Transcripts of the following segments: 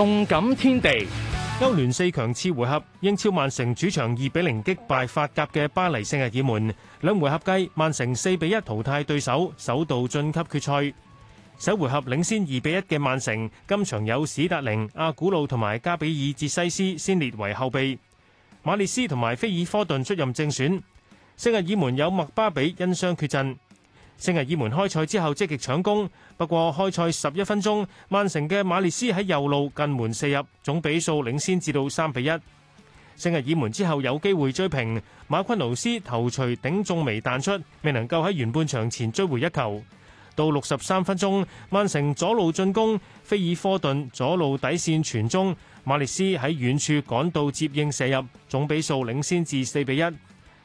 動感天地，歐聯四強次回合，英超曼城主場二比零擊敗法甲嘅巴黎聖日耳門，兩回合計，曼城四比一淘汰對手，首度晉級決賽。首回合領先二比一嘅曼城，今場有史達寧、阿古路同埋加比爾捷西斯先列為後備，馬列斯同埋菲爾科頓出任正選。聖日耳門有麥巴比因傷缺陣。聖日耳門開賽之後積極搶攻，不過開賽十一分鐘，曼城嘅馬列斯喺右路近門射入，總比數領先至到三比一。聖日耳門之後有機會追平，馬昆奴斯頭錘頂中楣彈出，未能夠喺完半場前追回一球。到六十三分鐘，曼城左路進攻，菲爾科頓左路底線傳中，馬列斯喺遠處趕到接應射入，總比數領先至四比一。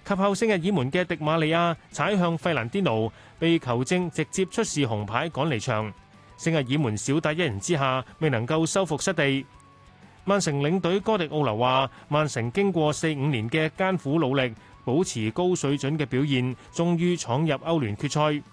及後，聖日耳門嘅迪馬利亞踩向費蘭天奴，被球證直接出示紅牌趕離場。聖日耳門少打一人之下，未能夠收復失地。曼城領隊哥迪奧流話：曼城經過四五年嘅艱苦努力，保持高水準嘅表現，終於闖入歐聯決賽。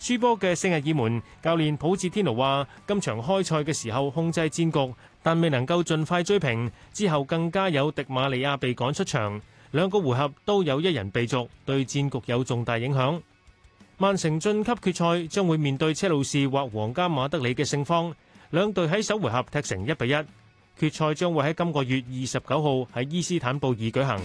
輸波嘅聖日耳門教練普智天奴話：今場開賽嘅時候控制戰局，但未能夠盡快追平，之後更加有迪馬利亞被趕出場。兩個回合都有一人被逐，對戰局有重大影響。曼城晉級決賽將會面對車路士或皇家馬德里嘅勝方，兩隊喺首回合踢成一比一。決賽將會喺今個月二十九號喺伊斯坦布爾舉行。